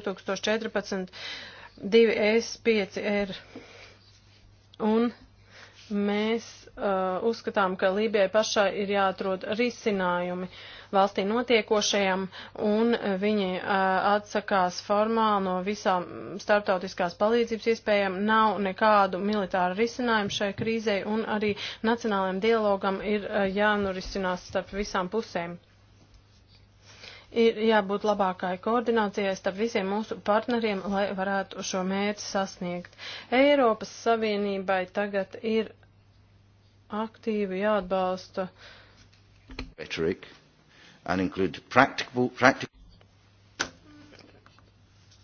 2014 2S5R. Er. Un mēs uh, uzskatām, ka Lībijai pašai ir jāatrod risinājumi valstī notiekošajam, un viņi uh, atsakās formāli no visām starptautiskās palīdzības iespējām. Nav nekādu militāru risinājumu šai krīzei, un arī nacionālajiem dialogam ir uh, jānorisinās starp visām pusēm ir jābūt labākai koordinācijai starp visiem mūsu partneriem, lai varētu šo mērķi sasniegt. Eiropas Savienībai tagad ir aktīvi jāatbalsta. Rhetoric and include practical, practical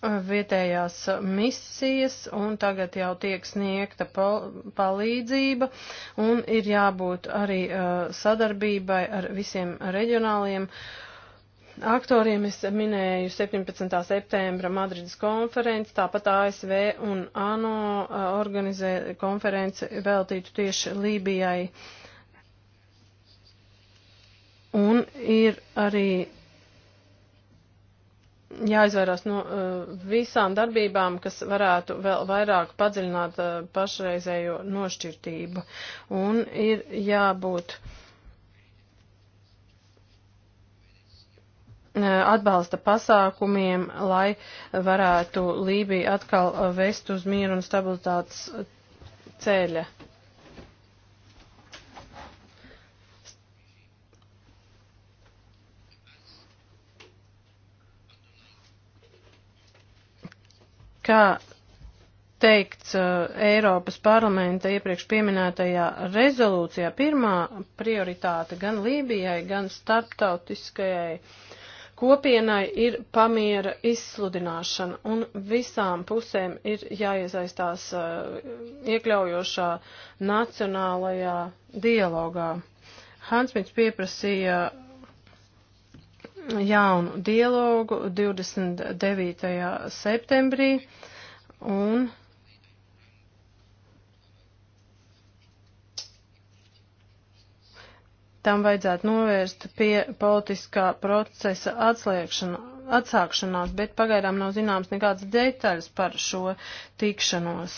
uh, vietējās misijas un tagad jau tiek sniegta pal palīdzība un ir jābūt arī uh, sadarbībai ar visiem reģionāliem uh, aktoriem es minēju 17. septembra Madrides konferenci, tāpat ASV un ANO organizē konferenci veltītu tieši Lībijai. Un ir arī jāizvairās no visām darbībām, kas varētu vēl vairāk padziļināt pašreizējo nošķirtību. Un ir jābūt. Uh, atbalsta pasākumiem, lai varētu Lībiju atkal vest uz mieru un stabilitātes ceļa. Kā teikts uh, Eiropas parlamenta iepriekš pieminētajā rezolūcijā, pirmā prioritāte gan Lībijai, gan starptautiskajai uh, Kopienai ir pamiera izsludināšana, un visām pusēm ir jāiesaistās eh, iekļaujošā nacionālajā dialogā. Hansmits pieprasīja jaunu dialogu 29. septembrī, un tam vajadzētu novērst pie politiskā procesa atsākšanās, bet pagaidām nav zināms nekādas detaļas par šo tikšanos.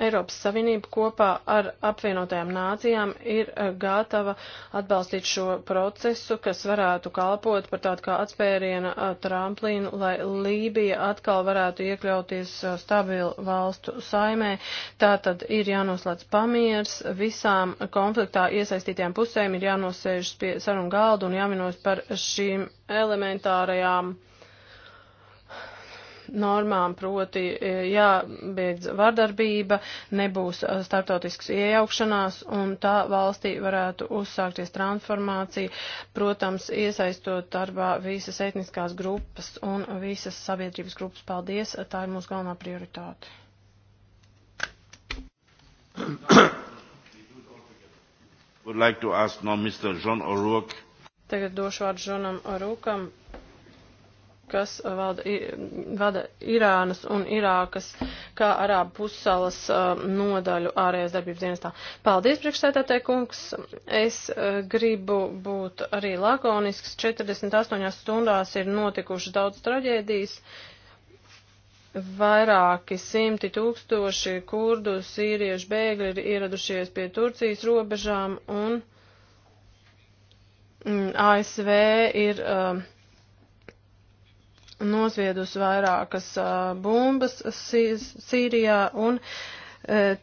Eiropas Savienība kopā ar apvienotajām nācijām ir eh, gatava atbalstīt šo procesu, kas varētu kalpot par tādu kā atspēriena eh, tramplīnu, lai Lībija atkal varētu iekļauties eh, stabilu valstu saimē. Tā tad ir jānoslēdz pamiers, visām konfliktā iesaistītajām pusēm ir jānosēžas pie sarunu galda un jāvienojas par šīm elementārajām uh, normām, proti e, jābeidz vardarbība, nebūs e, startautisks iejaukšanās un tā valstī varētu uzsākties transformācija, protams, iesaistot darbā visas etniskās grupas un visas sabiedrības grupas. Paldies, e, tā ir mūsu galvenā prioritāte. Would like to ask now Mr. John O'Rourke. Tagad došu vārdu Žonam Orūkam, kas uh, valda, vada Irānas un Irākas kā Arābu pussalas uh, nodaļu ārējās darbības dienestā. Paldies, priekšsēdētāji kungs. Es uh, gribu būt arī lakonisks. 48 stundās ir notikušas daudz traģēdijas. Vairāki simti tūkstoši kurdu sīriešu bēgļi ir ieradušies pie Turcijas robežām un mm, ASV ir. Uh, nosviedus vairākas bumbas Sīrijā un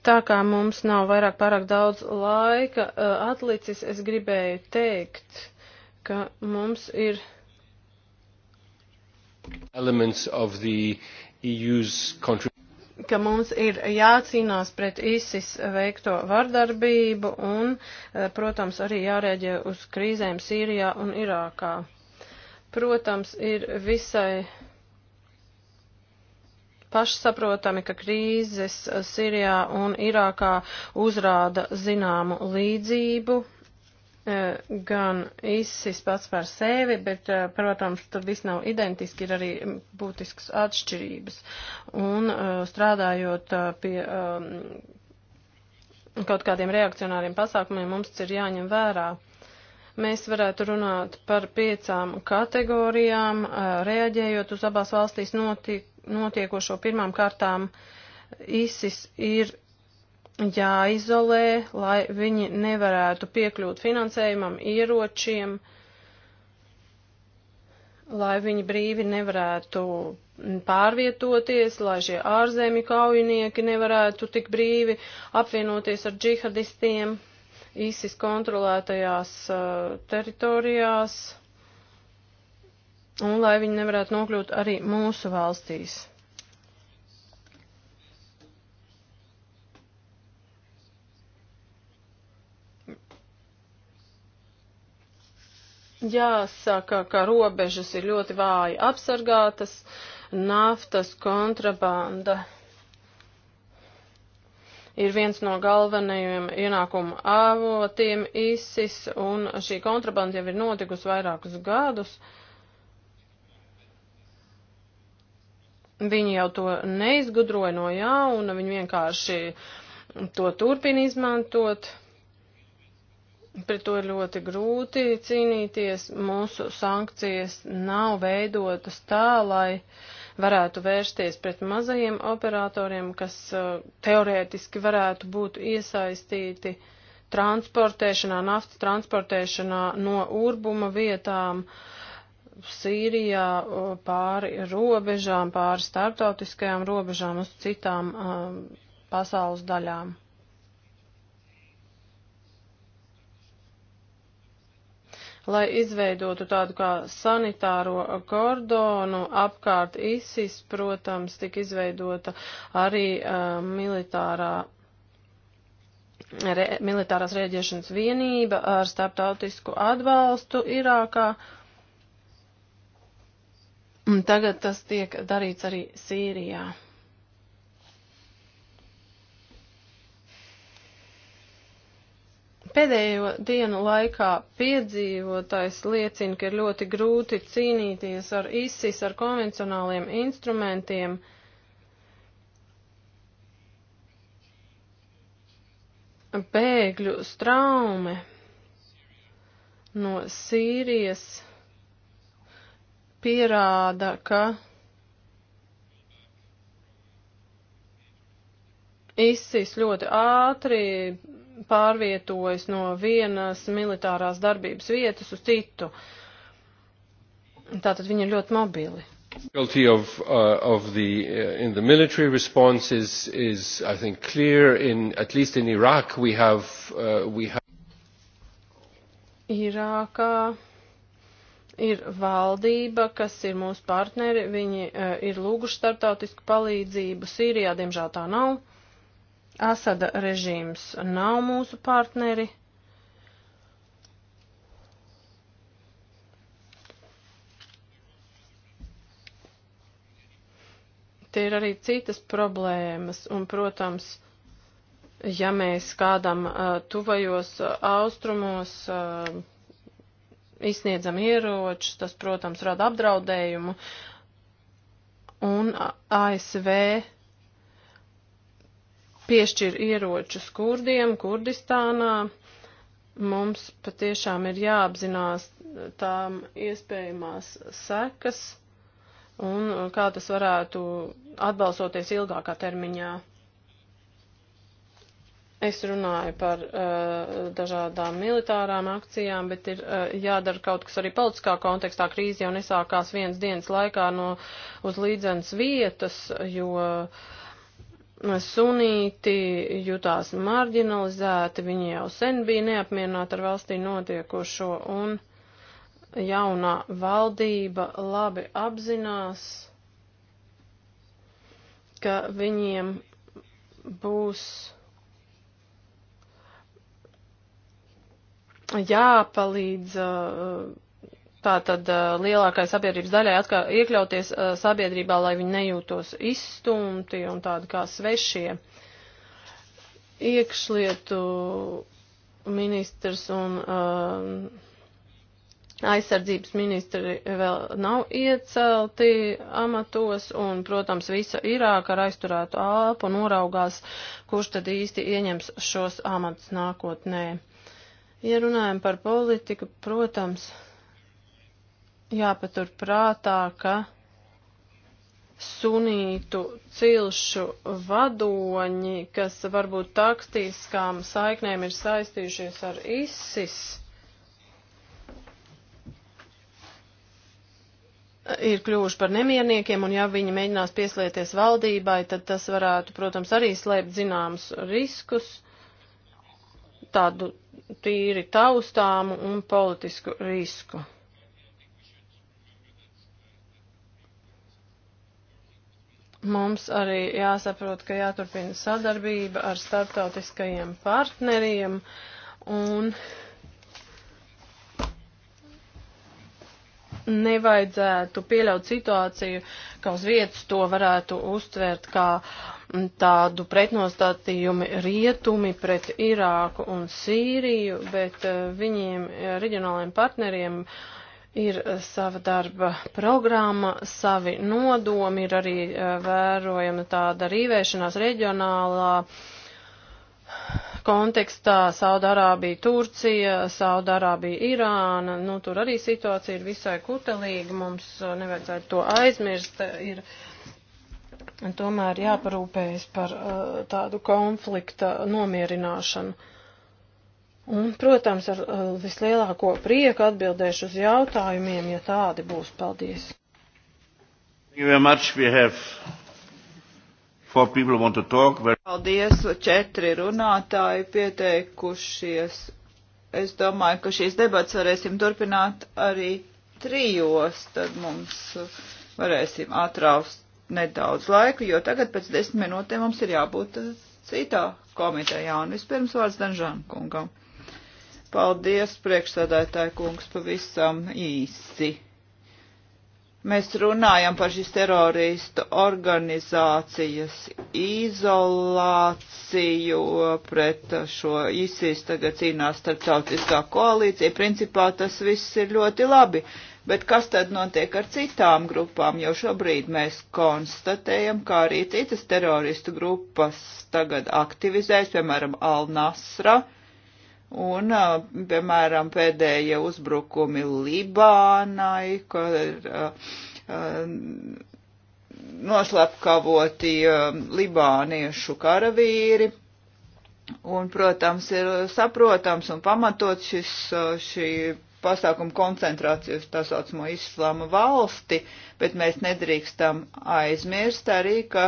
tā kā mums nav vairāk pārāk daudz laika atlicis, es gribēju teikt, ka mums ir. Elements of the EU's contribution ka mums ir jācīnās pret ISIS veikto vardarbību un, protams, arī jārēģē uz krīzēm Sīrijā un Irākā. Protams, ir visai pašsaprotami, ka krīzes Sirijā un Irākā uzrāda zināmu līdzību eh, gan ISIS pats par sevi, bet, eh, protams, tur viss nav identiski, ir arī būtiskas atšķirības. Un eh, strādājot pie ehm, kaut kādiem reakcionāriem pasākumiem, mums ir jāņem vērā Mēs varētu runāt par piecām kategorijām, reaģējot uz abās valstīs notiek, notiekošo pirmām kārtām. ISIS ir jāizolē, lai viņi nevarētu piekļūt finansējumam, ieročiem, lai viņi brīvi nevarētu pārvietoties, lai šie ārzemju kaujinieki nevarētu tik brīvi apvienoties ar džihadistiem. ISIS kontrolētajās uh, teritorijās un lai viņi nevarētu nokļūt arī mūsu valstīs. Jāsaka, ka robežas ir ļoti vāji apsargātas, naftas kontrabanda ir viens no galvenajiem ienākumu avotiem ISIS, un šī kontrabanda jau ir notikusi vairākus gadus. Viņi jau to neizgudroja no jauna, viņi vienkārši to turpina izmantot. Pret to ir ļoti grūti cīnīties. Mūsu sankcijas nav veidotas tā, lai uh, varētu vērsties pret mazajiem operatoriem, kas uh, teorētiski varētu būt iesaistīti transportēšanā, naftas transportēšanā no urbuma vietām Sīrijā pāri robežām, pāri starptautiskajām robežām uz citām um, pasaules daļām. lai izveidotu tādu kā sanitāro kordonu apkārt ISIS, protams, tika izveidota arī uh, militārā. Re, militārās rēģēšanas vienība ar starptautisku atbalstu Irākā. Un tagad tas tiek darīts arī Sīrijā. Pēdējo dienu laikā piedzīvotais liecina, ka ir ļoti grūti cīnīties ar ISIS, ar konvencionāliem instrumentiem. Bēgļu straume no Sīrijas pierāda, ka ISIS ļoti ātri pārvietojas no vienas militārās darbības vietas uz citu. Tātad viņi ir ļoti mobili. Difficulty of, uh, of the, uh, in the military response is, is, I think, clear. In, at least in Iraq, we have, uh, we have. Irākā ir valdība, kas ir mūsu partneri, viņi uh, ir lūguši startautisku palīdzību. Sīrijā, diemžēl, tā nav. Asada režīms nav mūsu partneri. Te ir arī citas problēmas, un, protams, ja mēs kādam uh, tuvajos uh, austrumos uh, izsniedzam ieročus, tas, protams, rada apdraudējumu, un ASV uh, piešķir ieročus kurdiem Kurdistānā. Mums patiešām ir jāapzinās tām iespējamās sekas un kā tas varētu atbalstoties ilgākā termiņā. Es runāju par uh, dažādām militārām akcijām, bet ir uh, jādara kaut kas arī politiskā kontekstā. Krīze jau nesākās viens dienas laikā no uz līdzenas vietas, jo uh, sunīti jutās marginalizēti, viņi jau sen bija neapmierināti ar valstī notiekošo, un jaunā valdība labi apzinās, ka viņiem būs jāpalīdz uh, tātad lielākai sabiedrības daļai atkal iekļauties sabiedrībā, lai viņi nejūtos izstumti un tādi kā svešie. Iekšlietu ministrs un aizsardzības ministri vēl nav iecelti amatos un, protams, visa Irāka ar aizturētu ālpu noraugās, kurš tad īsti ieņems šos amatus nākotnē. Ja runājam par politiku, protams, jāpatur prātā, ka sunītu cilšu vadoņi, kas varbūt taktiskām saiknēm ir saistījušies ar ISIS, ir kļuvuši par nemierniekiem, un ja viņi mēģinās pieslieties valdībai, tad tas varētu, protams, arī slēpt zināmus riskus, tādu tīri taustāmu un politisku risku. Mums arī jāsaprot, ka jāturpina sadarbība ar starptautiskajiem partneriem un nevajadzētu pieļaut situāciju, ka uz vietas to varētu uztvert kā tādu pretnostatījumu rietumi pret Irāku un Sīriju, bet eh, viņiem, eh, reģionāliem partneriem, uh, ir eh, sava darba programma, savi nodomi, ir arī eh, vērojama tāda rīvēšanās reģionālā kontekstā Saudārābija, Turcija, Saudārābija, Irāna, nu tur arī situācija ir visai kutelīga, mums eh, nevajadzētu to aizmirst, ir tomēr jāparūpējas par tādu konflikta nomierināšanu. Un, protams, ar uh, vislielāko prieku atbildēšu uz jautājumiem, ja tādi būs. Paldies! Paldies, četri runātāji pieteikušies. Es domāju, ka šīs debats varēsim turpināt arī trijos, tad mums varēsim atraust nedaudz laiku, jo tagad pēc desmit minūtēm mums ir jābūt citā komitejā. Un vispirms vārds Danžāna kungam. Paldies, priekšsēdētāji kungs, pavisam īsi. Mēs runājam par šīs teroristu organizācijas izolāciju pret šo ISIS, tagad cīnās starptautiskā koalīcija. Principā tas viss ir ļoti labi, bet kas tad notiek ar citām grupām, jo šobrīd mēs konstatējam, kā arī citas teroristu grupas tagad aktivizējas, piemēram, Al-Nasra Un, piemēram, pēdējie uzbrukumi Libānai, ka ir noslapkavoti libāniešu karavīri. Un, protams, ir saprotams un pamatots šis, šī pasākumu koncentrāciju uz tā saucamo islāma valsti, bet mēs nedrīkstam aizmirst arī, ka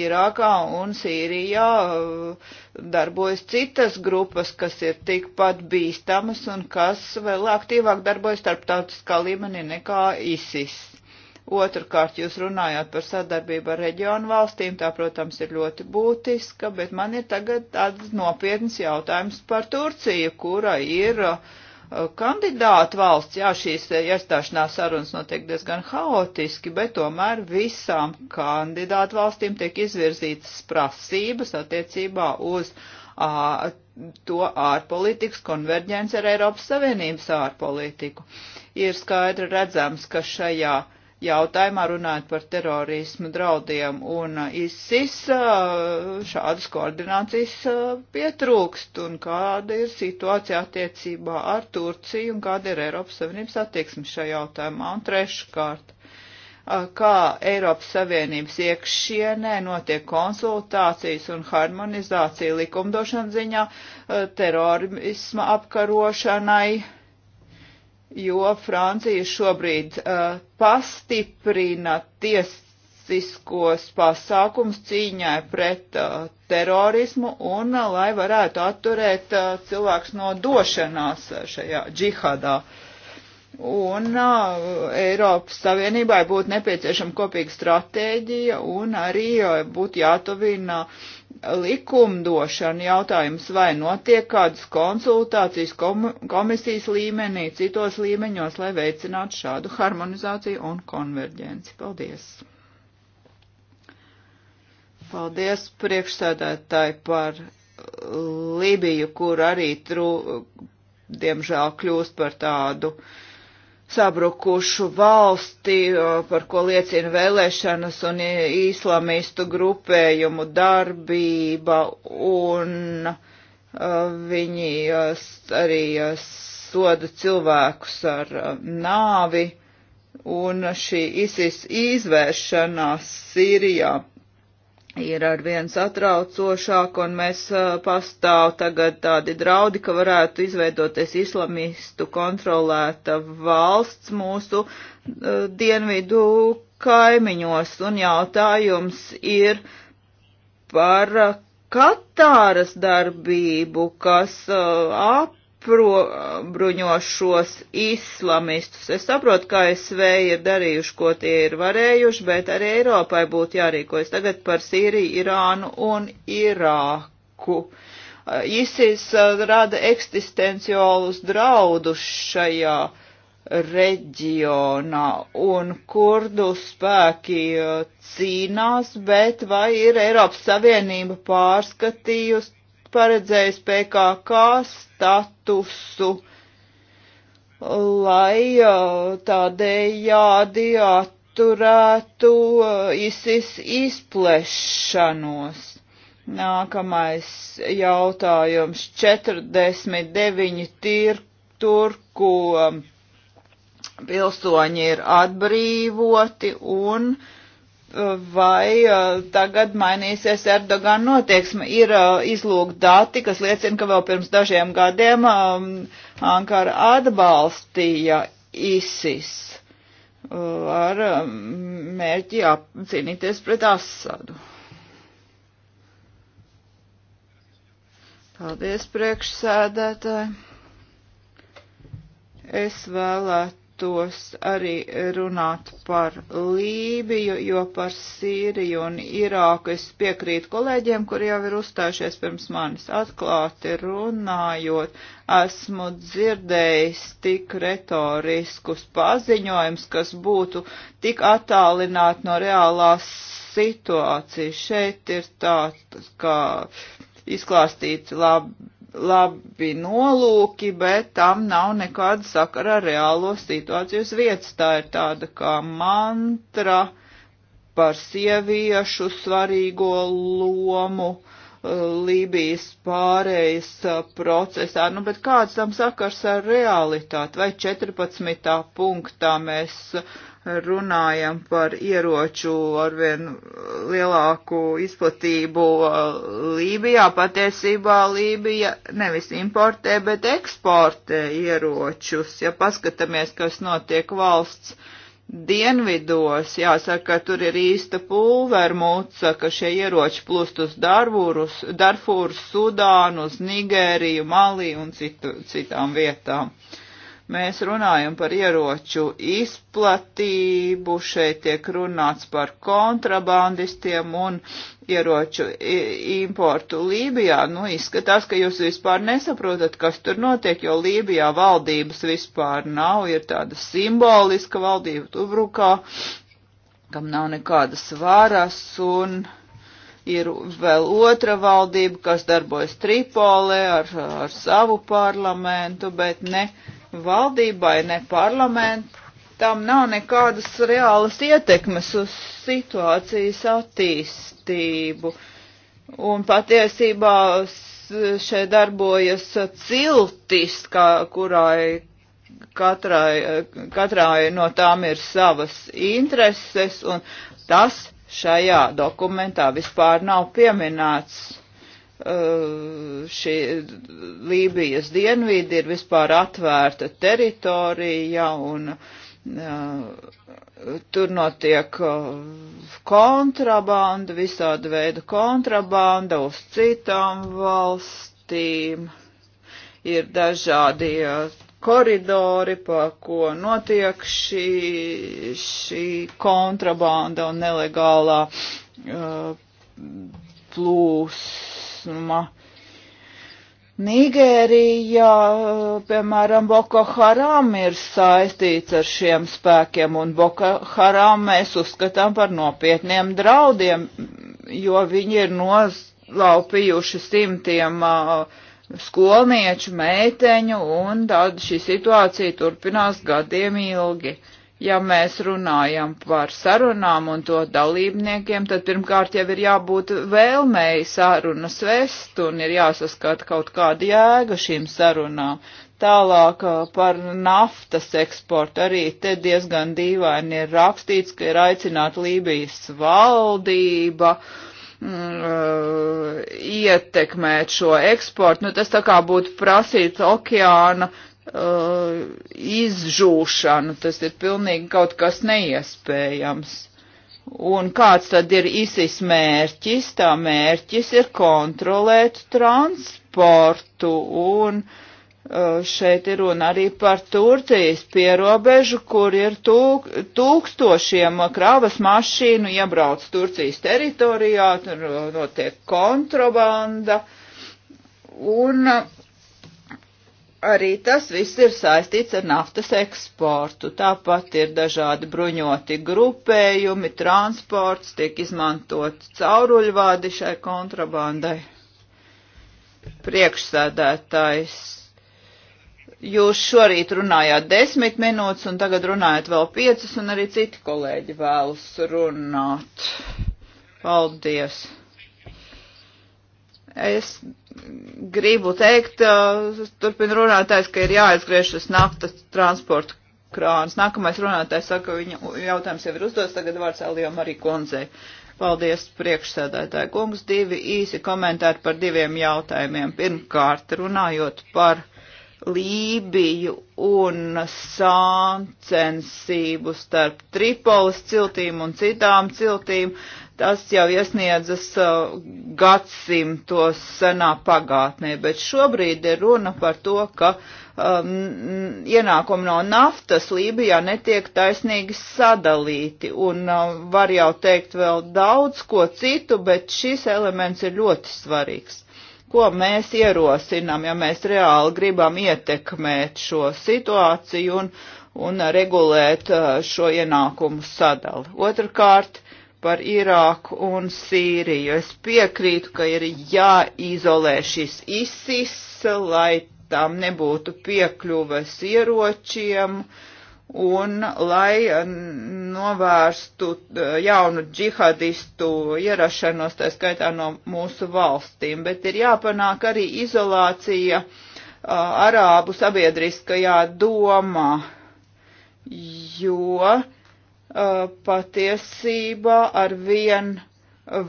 Irākā un Sīrijā uh, darbojas citas grupas, kas ir tikpat bīstamas un kas vēl aktīvāk darbojas starptautiskā līmenī nekā ISIS. Otrkārt, jūs runājāt par sadarbību ar reģionu valstīm, tā, protams, ir ļoti būtiska, bet man ir tagad tāds nopietns jautājums par Turciju, kura ir uh, kandidātu valsts, jā, šīs eh, iestāšanās sarunas notiek diezgan haotiski, bet tomēr visām kandidātu valstīm tiek izvirzītas prasības attiecībā uz a, to ārpolitikas konverģenci ar Eiropas Savienības ārpolitiku. Ir skaidri redzams, ka šajā jautājumā runājot par terorismu draudiem un ISIS, šādas koordinācijas pietrūkst un kāda ir situācija attiecībā ar Turciju un kāda ir Eiropas Savienības attieksme šajā jautājumā. Un treškārt kā Eiropas Savienības iekšienē notiek konsultācijas un harmonizācija likumdošana ziņā terorisma apkarošanai jo Francija šobrīd uh, pastiprina tiesiskos pasākums cīņai pret uh, terorismu un uh, lai varētu atturēt uh, cilvēks no došanās šajā džihadā. Un uh, Eiropas Savienībai būtu nepieciešama kopīga stratēģija un arī uh, būtu jātuvina uh, likumdošana jautājums, vai notiek kādas konsultācijas komisijas līmenī, citos līmeņos, lai veicinātu šādu harmonizāciju un konverģenci. Paldies! Paldies priekšsēdētāji par Libiju, kur arī, tru, diemžēl, kļūst par tādu uh, sabrukušu valsti, par ko liecina vēlēšanas un islamistu grupējumu darbība, un viņi arī soda cilvēkus ar nāvi, un šī ISIS izvēršanās Sīrijā ir arvien satraucošāk, un mēs pastāv tagad tādi draudi, ka varētu izveidoties islamistu kontrolēta valsts mūsu dienvidu kaimiņos, un jautājums ir par Katāras darbību, kas ap bruņošos islamistus. Es saprotu, ka ASV ir darījuši, ko tie ir varējuši, bet arī Eiropai būtu jārīkojas tagad par Sīriju, Irānu un Irāku. ISIS uh, rada eksistenciālus draudus šajā reģionā, un kurdu spēki uh, cīnās, bet vai ir Eiropas Savienība pārskatījusi paredzējis PKK statusu, lai uh, tādējādi atturētu uh, ISIS izplešanos. Nākamais jautājums - 49 tir, turku um, pilsoņi ir atbrīvoti un uh, vai uh, tagad mainīsies Erdogan notieksme. Ir uh, izlūgt dati, kas liecina, ka vēl pirms dažiem gadiem um, Ankara atbalstīja ISIS uh, ar um, mērķi cīnīties pret Asadu. Paldies, priekšsēdētāji. Es vēlētu vēlētos arī runāt par Lībiju, jo par Sīriju un Irāku es piekrītu kolēģiem, kur jau ir uzstājušies pirms manis atklāti runājot. Esmu dzirdējis tik retoriskus paziņojums, kas būtu tik attālināti no reālās situācijas. Šeit ir tāds, kā izklāstīts labi labi nolūki, bet tam nav nekāda sakara ar reālo situāciju uz vietas. Tā ir tāda kā mantra par sieviešu svarīgo lomu eh, Lībijas pārējas eh, procesā. Nu, bet kāds tam sakars ar realitāti? Vai 14. punktā mēs uh, runājam par ieroču arvien lielāku izplatību uh, Lībijā, patiesībā Lībija nevis importē, bet eksportē ieročus. Ja paskatāmies, kas notiek valsts dienvidos, jāsaka, ka tur ir īsta pulvermuca, ka šie ieroči plūst uz Darfūrus, Darfūru, Sudānu, uz Nigēriju, Malī un citu, citām vietām. Uh, Mēs runājam par ieroču izplatību, šeit tiek runāts par kontrabandistiem un ieroču importu Lībijā. Nu, izskatās, ka jūs vispār nesaprotat, kas tur notiek, jo Lībijā valdības vispār nav, ir tāda simboliska valdība Tubrukā, kam nav nekādas varas un ir vēl otra valdība, kas darbojas Tripolē ar, ar savu parlamentu, bet ne valdībai, ne parlamentam nav nekādas reālas ietekmes uz situācijas attīstību. Un patiesībā šeit darbojas ciltis, kā, kurai katrai, katrai no tām ir savas intereses, un tas šajā dokumentā vispār nav pieminēts. Eh, šī Lībijas dienvīdi ir vispār atvērta teritorija un eh, tur notiek eh, kontrabanda, visāda veida kontrabanda uz citām valstīm. Ir dažādi koridori, pa ko notiek šī, šī kontrabanda un nelegālā uh, plūsma plūsma. Nigērijā, piemēram, Boko Haram ir saistīts ar šiem spēkiem, un Boko Haram mēs uzskatām par nopietniem draudiem, jo viņi ir nozlaupījuši simtiem uh, skolnieču, meiteņu, un tad šī situācija turpinās gadiem ilgi. Uh, ja mēs runājam par sarunām un to dalībniekiem, tad pirmkārt jau ir jābūt vēlmēji sarunas vest un ir jāsaskata kaut kāda jēga šīm sarunām. Tālāk par naftas eksportu arī te diezgan dīvaini ir rakstīts, ka ir aicināta Lībijas valdība mm, ietekmēt šo eksportu. Nu, tas tā kā būtu prasīt okeāna uh, izžūšanu. Tas ir pilnīgi kaut kas neiespējams. Un kāds tad ir ISIS mērķis? Tā mērķis ir kontrolēt transportu un uh, šeit ir runa arī par Turcijas pierobežu, kur ir tūk, tūkstošiem kravas mašīnu iebrauc Turcijas teritorijā, tur notiek kontrabanda. Un uh, arī tas viss ir saistīts ar naftas eksportu. Tāpat ir dažādi bruņoti grupējumi, transports, tiek izmantot cauruļvādi šai kontrabandai. Priekšsēdētājs, jūs šorīt runājāt desmit minūtes un tagad runājat vēl piecas un arī citi kolēģi vēlas runāt. Paldies! Es gribu teikt, uh, turpin runātājs, ka ir jāaizgriež šis naftas transporta krāns. Nākamais runātājs saka, viņa jautājums jau ir uzdots, tagad vārds Elijam arī kundzei. Paldies, priekšsēdētāji kungs, divi īsi komentāri par diviem jautājumiem. Pirmkārt, runājot par Lībiju un sāncensību starp Tripolis ciltīm un citām ciltīm tas jau iesniedzas uh, gadsimtos senā pagātnē, bet šobrīd ir runa par to, ka um, ienākumi no naftas Lībijā netiek taisnīgi sadalīti, un uh, var jau teikt vēl daudz ko citu, bet šis elements ir ļoti svarīgs. Ko mēs ierosinām, ja mēs reāli gribam ietekmēt šo situāciju un, un regulēt uh, šo ienākumu sadali? Otrakārt, par Irāku un Sīriju. Es piekrītu, ka ir jāizolē šis ISIS, lai tam nebūtu piekļuves ieročiem un lai novērstu e, jaunu džihadistu ierašanos, tā skaitā no mūsu valstīm, bet ir jāpanāk arī izolācija e, arābu sabiedriskajā domā, jo uh, Uh, patiesībā ar vien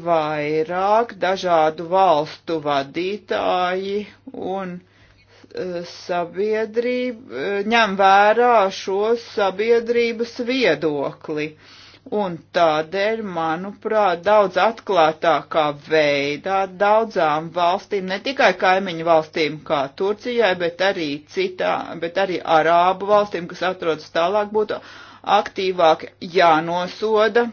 vairāk dažādu valstu vadītāji un uh, sabiedrība uh, ņem vērā šo sabiedrības viedokli. Uh, Un tādēļ, manuprāt, daudz atklātākā veidā daudzām valstīm, ne tikai kaimiņu valstīm kā Turcijai, bet arī citā, bet arī Arābu valstīm, kas atrodas tālāk, būtu aktīvāk jānosoda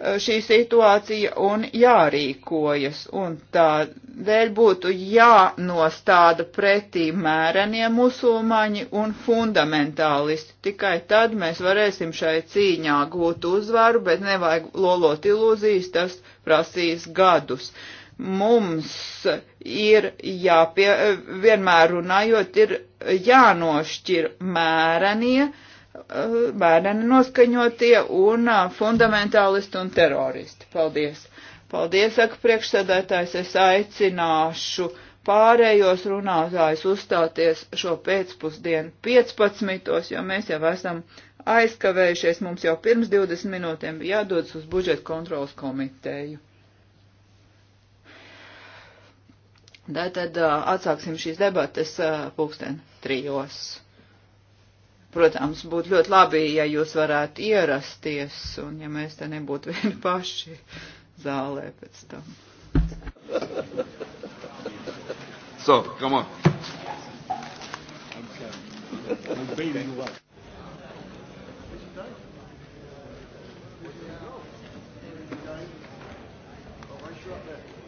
Eh, šī situācija un jārīkojas, un tādēļ būtu jānostāda pretī mērenie musulmaņi un fundamentālisti. Tikai tad mēs varēsim šai cīņā gūt uzvaru, bet nevajag lolot ilūzijas, tas prasīs gadus. Mums ir jāpie, eh, vienmēr runājot, ir jānošķir mērenie, uh, bērni noskaņotie un fundamentālisti un teroristi. Paldies! Paldies, saka priekšsēdētājs, es aicināšu pārējos runātājus uzstāties šo pēcpusdienu 15, jo mēs jau esam aizkavējušies, mums jau pirms 20 minūtēm bija jādodas uz budžeta kontrolas komiteju. Tātad atsāksim šīs debates pulksten trijos. Protams, būtu ļoti labi, ja jūs varētu ierasties un ja mēs te nebūtu vieni paši zālē pēc tam. So, come on. I'm sorry. I'm bailing you out. Thank you.